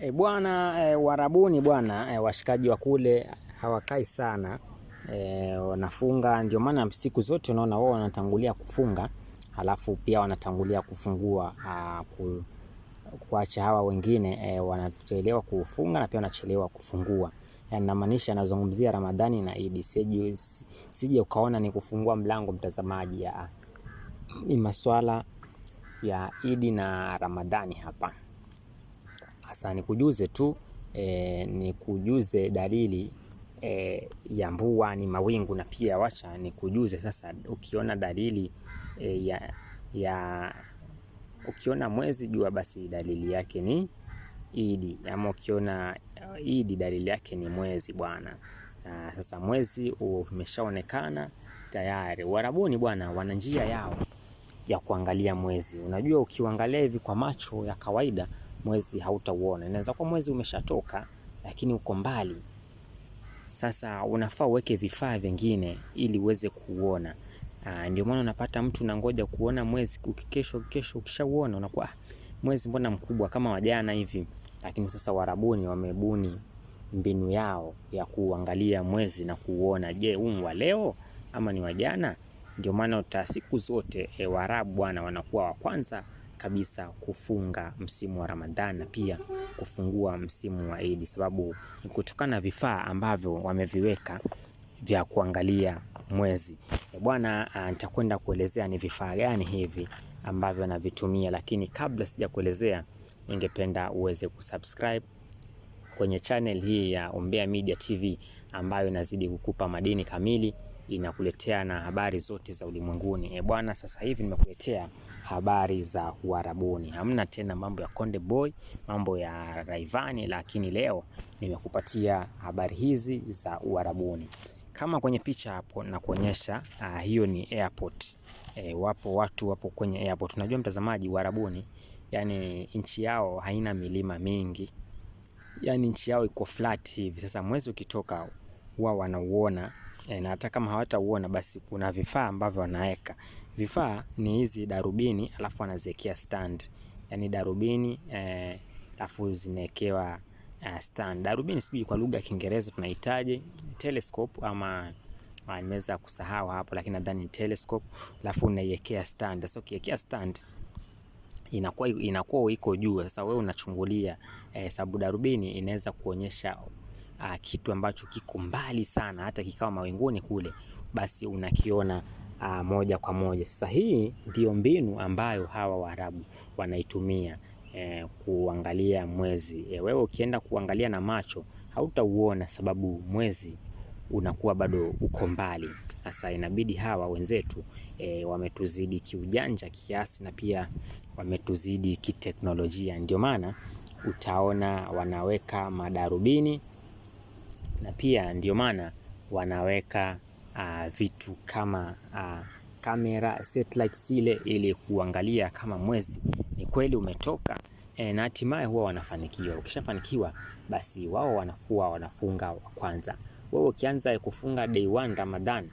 E, bwana e, warabuni bwana e, washikaji wa kule hawakai sana e, wanafunga. Ndio maana siku zote unaona wao wanatangulia kufunga, halafu pia wanatangulia kufungua a, ku, kuacha hawa wengine e, wanachelewa kufunga na pia wanachelewa kufungua. Namaanisha anazungumzia Ramadhani na Idi, sije ukaona ni kufungua mlango mtazamaji, ya ni maswala ya Idi na Ramadhani hapa hasa nikujuze tu e, nikujuze dalili e, ya mvua ni mawingu, na pia wacha nikujuze sasa, ukiona dalili e, ya, ya ukiona mwezi jua, basi dalili yake ni idi, ama ukiona e, idi dalili yake ni mwezi bwana. Na sasa mwezi umeshaonekana tayari. Warabuni bwana, wana njia yao ya kuangalia mwezi. Unajua, ukiuangalia hivi kwa macho ya kawaida mwezi hautauona. Inaweza kuwa mwezi umeshatoka lakini uko mbali. Sasa unafaa uweke vifaa vingine ili uweze kuuona. Ah, ndio maana unapata mtu unangoja kuona mwezi, ukikesho kesho, ukishauona unakuwa ah, mwezi mbona mkubwa kama wajana hivi. Lakini sasa Warabuni wamebuni mbinu yao ya kuangalia mwezi na kuona, je, huu wa leo ama ni wajana? Ndio maana uta siku zote e, Waarabu bwana wanakuwa wa kwanza kabisa kufunga msimu wa Ramadhan na pia kufungua msimu wa Idi, sababu ni kutokana na vifaa ambavyo wameviweka vya kuangalia mwezi. E bwana, ah, nitakwenda kuelezea ni vifaa gani hivi ambavyo navitumia, lakini kabla sija kuelezea, ningependa uweze kusubscribe kwenye channel hii ya Umbea Media TV ambayo inazidi kukupa madini kamili inakuletea na habari zote za ulimwenguni. E bwana, sasa hivi nimekuletea habari za Uarabuni. Hamna tena mambo ya Konde Boy, mambo ya Raivani, lakini leo nimekupatia habari hizi za Uarabuni. Kama kwenye picha hapo na kuonyesha, uh, ah, hiyo ni airport. E, wapo watu wapo kwenye airport. Unajua mtazamaji, Uarabuni yani nchi yao haina milima mingi, yani nchi yao iko flat hivi. Sasa mwezi ukitoka huwa wanauona e, na hata kama hawatauona basi kuna vifaa ambavyo wanaweka. Vifaa ni hizi darubini, alafu wanaziwekea stand, yani darubini e, alafu zinawekewa uh, eh, stand. Darubini sijui kwa lugha ya Kiingereza tunahitaji telescope ama ah, nimeweza kusahau hapo, lakini nadhani telescope, alafu unaiwekea stand. Sasa ukiwekea stand inakuwa inakuwa iko juu. Sasa wewe unachungulia eh, sababu darubini inaweza kuonyesha uh, kitu ambacho kiko mbali sana, hata kikawa mawinguni kule, basi unakiona uh, moja kwa moja. Sasa hii ndio mbinu ambayo hawa Waarabu wanaitumia eh, kuangalia mwezi eh, wewe ukienda kuangalia na macho hautauona, sababu mwezi unakuwa bado uko mbali. Sasa inabidi hawa wenzetu e, wametuzidi kiujanja kiasi na pia wametuzidi kiteknolojia. Ndio maana utaona wanaweka madarubini na pia ndio maana wanaweka uh, vitu kama uh, kamera satellite zile ili kuangalia kama mwezi ni kweli umetoka e, na hatimaye huwa wanafanikiwa. Ukishafanikiwa basi wao wanakuwa wanafunga wa kwanza. Wewe ukianza kufunga day 1 Ramadan,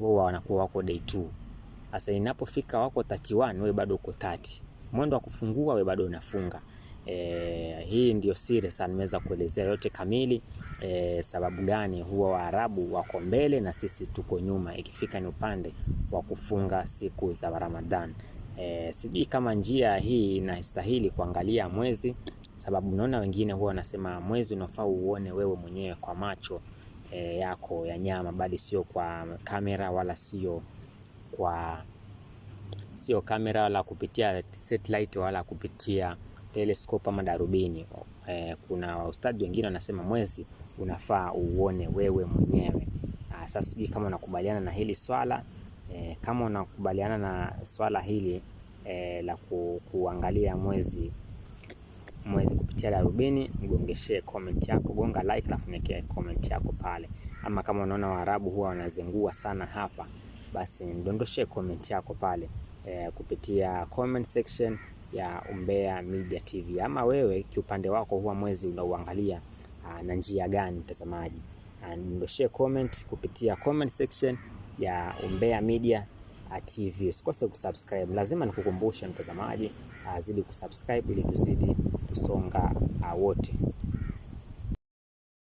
wao wanakuwa wako day 2. Sasa inapofika wako 31, wewe bado uko 30. Mwendo wa kufungua wewe bado unafunga. E, hii ndio siri sana, nimeweza kuelezea yote kamili e, sababu gani huwa Waarabu wako mbele na sisi tuko nyuma ikifika ni upande wa kufunga siku za Ramadhan. E, sijui kama njia hii inastahili kuangalia mwezi, sababu unaona wengine huwa wanasema mwezi unafaa uone wewe mwenyewe kwa macho e, yako ya nyama, bali sio kwa kamera wala sio kwa sio kamera wala kupitia satellite wala kupitia telescope ama darubini. E, kuna ustadi wengine wanasema mwezi unafaa uone wewe mwenyewe. Ah, sasa sijui kama unakubaliana na hili swala e, kama unakubaliana na swala hili e, la ku, kuangalia mwezi mwezi kupitia darubini, mgongeshe comment yako, gonga like, alafu niwekee comment yako pale. Ama kama unaona Waarabu huwa wanazengua sana hapa, basi ndondoshe comment yako pale e, kupitia comment section ya Umbea Media TV. Ama wewe kiupande wako huwa mwezi unauangalia ah, na njia gani mtazamaji? Ah, Ndoshee comment kupitia comment section ya Umbea Media ah, TV. Usikose kusubscribe, lazima nikukumbushe mtazamaji, azidi kusubscribe ili tuzidi kusonga wote.